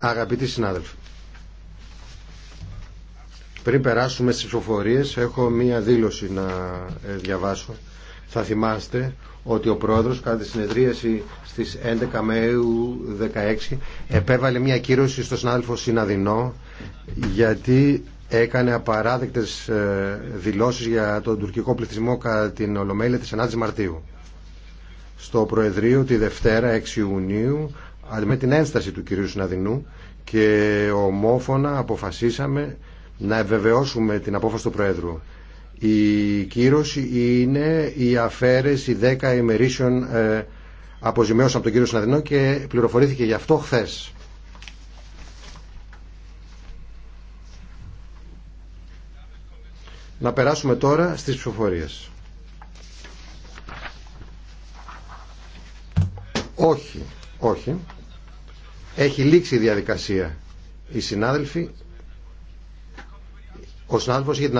Αγαπητοί συνάδελφοι, πριν περάσουμε στις ψηφοφορίες, έχω μία δήλωση να ε, διαβάσω. Θα θυμάστε ότι ο πρόεδρος κατά τη συνεδρίαση στις 11 Μαΐου 16 επέβαλε μια κύρωση στο συνάδελφο Συναδεινό γιατί έκανε απαράδεκτες ε, δηλώσεις για τον τουρκικό πληθυσμό κατά την Ολομέλεια της 9 Μαρτίου. Στο Προεδρείο τη Δευτέρα 6 Ιουνίου με την ένσταση του κυρίου Συναδεινού και ομόφωνα αποφασίσαμε να ευεβεβαιώσουμε την απόφαση του Προέδρου. Η κύρωση είναι η αφαίρεση 10 ημερήσεων ε, αποζημιώσεων από τον κύριο Συναδεινό και πληροφορήθηκε γι' αυτό χθες. Να περάσουμε τώρα στις ψηφοφορίες. Όχι, όχι. Έχει λήξει η διαδικασία. Οι συνάδελφοι, ο συνάδελφος την